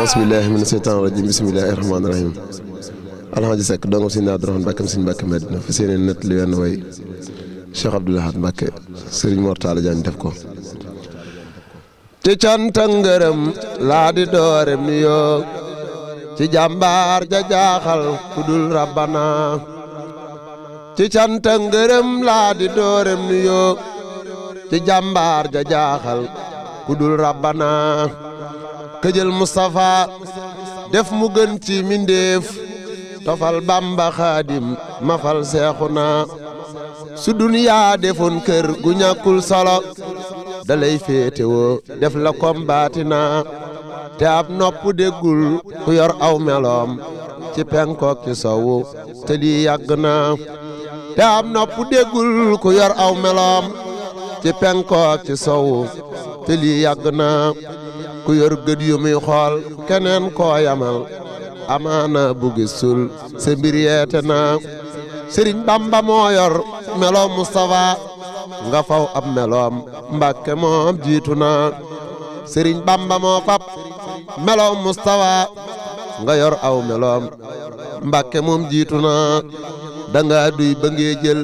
bismillaahi mina seytaani rajiim bismillaahi rahmaani rahiim alxaaji Seck dongam sëñ Abdou Rahmane Mbàkke sëñ Mbàkke Madina fa seeneen nett li wenn way Cheikh Abdoul Mbàkke sëriñ Mortala Jaañ def ko ci canta ngërëm laa di doorem ni yoo ci jàmbaar ja jaaxal ku dul rabbana ci canta ngërëm ja jaaxal ku def mu gën ci mindeef tofal bamba xaadim mafal seexuna su duniyaa defoon kër gu ñàkkul solo dalay féetewoo def la kom baatina te ab nopp déggul ku yor aw meloom ci penkook ci sowu te lii yàgg na te ab nopp déggul ku yor aw melom ci penkook ci sowu te lii yàgg na ku yor gët yu xool keneen koo amaana bu gisul sa mbir yeete naa sëriñ bamba moo yor meloo Moustapha nga faw ab meloom mbàkke moom jiitu na sëriñ bamba moo fab meloo Moustapha nga yor aw meloom mbàkke moom jiitu na danga nga duy ba ngee jël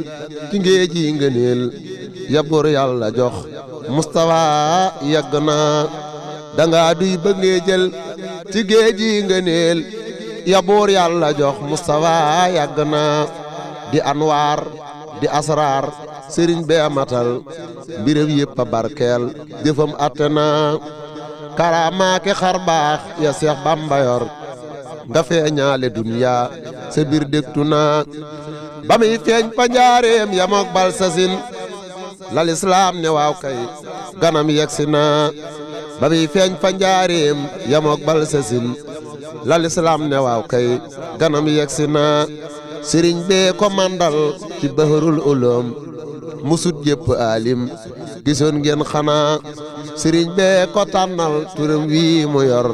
ci ngee ji ngëneel yabur jox Moustapha yegg naa da duy ba ngee ci géej yi yaboor yàlla jox Moustapha yàgg na di anwaar di asraar sëriñ bee matal mbiram yëpp barkeel jëfam atte na karaamaake xar baax ya seex bamba nga feeñaale duniya sa biir na ba feeñ pa njaareem yamook bal sasin la ne waaw kay ganam yegsi na ba feeñ pa njaareem yamook bal la ne waaw kay ganam yegsi naa sëriñ bee ko mandal ci baharul ulum musut yëpp alim gisoon ngeen xanaa sëriñ bee ko tànnal turam wii mu yor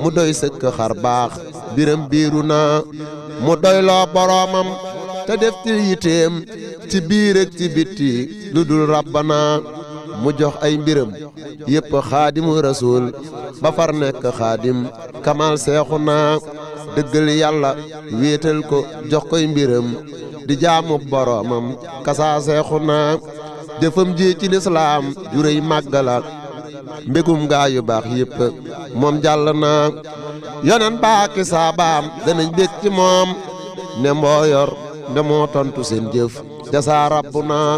mu doy sëkk xar baax biram biiru na mu doyloo boroomam te def ci yiteem ci biir ak bitti lu dul rabbana mu jox ay mbiram yëpp xaadimu rasul ba far nekk xaadim kamal seexu naa dëggal yàlla wéetal ko jox koy mbiram di jaamu boroomam kasaa seexu naa jëfam ji ci lislaam juréy màgg la mbégum gaa yu baax yëpp moom jàll naa yonen baaki saabaam danañ bég ci moom ne mboo yor moo tontu seen jëf jasaa rabbu naa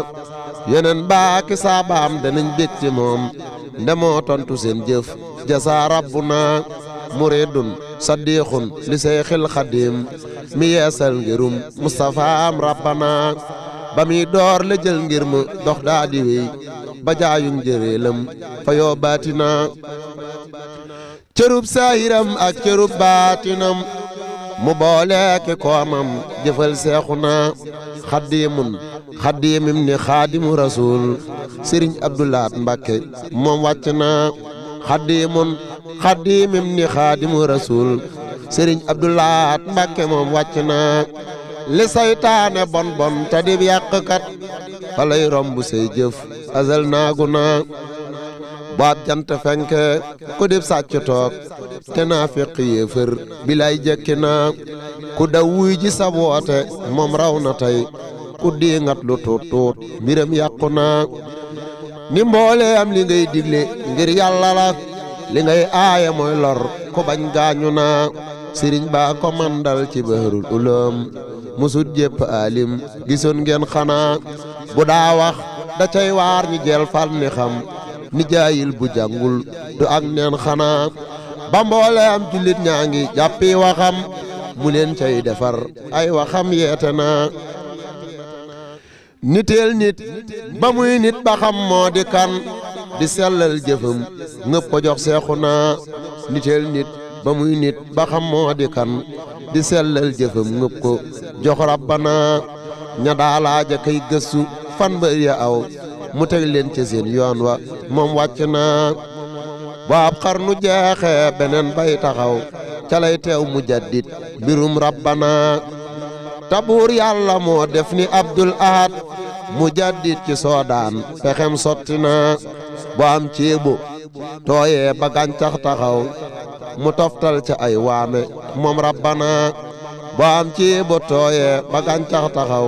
yeneen baaki saabaam danañ bég ci moom ndemoo tontu seen jëf jasa rabbuna muridun sadiixun li seyxil xadim mi yeesal ngirum mustafaam rabbana ba muy door la jël ngir mu dox daa di wéy ba jaayum njëreelam fa yoo baatina cërub saahiram ak cërub baatinam mu booleeke koomam jëfal seexu na xadimun xaddimim ni xaadimu rasul sëriñ abdoulaat mbàkke moom wàcc na xaddimun xaddimim ni xaadimu rasul sëriñ abdoulaat mbàkke moom wàcc na li saytaane bon bon te dib yàqkat falay romb say jëf azal naagu na baab jant fenke ku dib sàcc toog te naa feq yéefër bilay jekki na ku daw wuy ji sa woote moom raw na tey ku diingat lu tuut tuut mbiram yàqu na ni mboole am li ngay digle ngir yàlla la li ngay aaye mooy lor ku bañ gaañu naa sëriñ baa ko mandal ci bahrul uloom musut jépp alim gisoon ngeen xanaa bu daa wax da cay waar ñi jeel fal ni xam ni bu jàngul du ak neen xanaa ba mboole am jullit ñaa ngi jàppi waxam mu leen cay defar ay waxam yeete naa niteel nit ba muy nit ba xam moo di kan di sellal jëfam ñëpp ko jox seexu naa niteel nit ba muy nit ba xam moo di kan di sellal jëfam ñëpp ko jox rabbana ña daalaaja kay gëstu fan ba ya aw mu teg leen ci yoon wa moom wàcc naa ba ab xar nu jeexee beneen bay taxaw ca teew mu jaddit mbirum rabbana tabuur yàlla moo def ni Abdul Ahad mu jaddit ci soodaan pexem sotti na bu am ceebu tooyee ba gàncax taxaw mu toftal ca ay waame moom rabbana bu am ceebu tooyee ba gàncax taxaw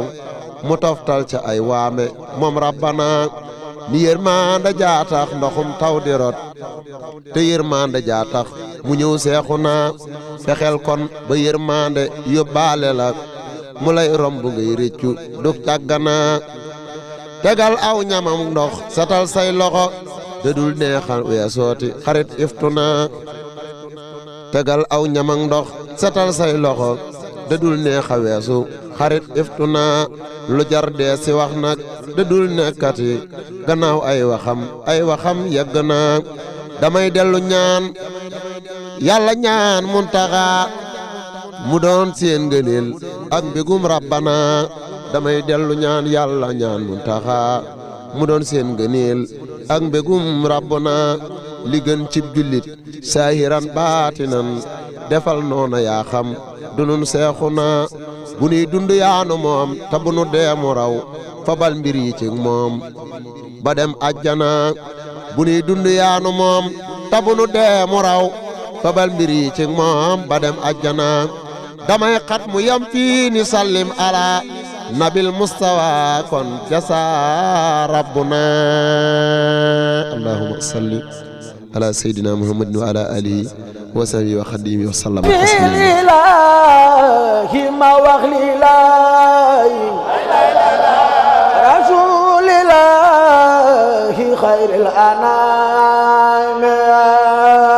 mu toftal ca ay waame moom rabbana ni yërmande jaatax ndoxum taw di rot te yërmande mu ñëw seexu naa fexeel kon ba yërmande yóbbaale la bu lay romb ngay réccu dug na tegal aw ñamam ndox satal say loxo te dul neexal wee sooti xarit iftu naa tegal aw ñamam ndox satal say loxo dëdul neexa weesu xarit iftu na lu jar dee si wax nag dëdul nekkati gannaaw ay waxam ay waxam yegg naa damay dellu ñaan yàlla ñaan muntaxa mu doon seen ngëneel ak mbégum rabbana damay dellu ñaan yàlla ñaan muntaxa mu doon seen ngëneel ak mbégum rabbana li gën cib jullit saahiran baatinan defal noona yaa xam dunun seexu na bu nuy dund yaanu moom te bu nu deemu raw fabal mbir yi ci moom ba dem ajjana bu nuy dund yaanu moom te bu nu deemu raw fabal mbir yi ci moom ba dem ajjana damay xat mu yam fii ni sallim ala nabil mustawa kon jasa rabbuna allahumma salli ala sayyidina muhammadin wa ala alihi wa sahbihi wa xadimi wa sallama lilahi ma wax lilahi rasulilahi xayril anam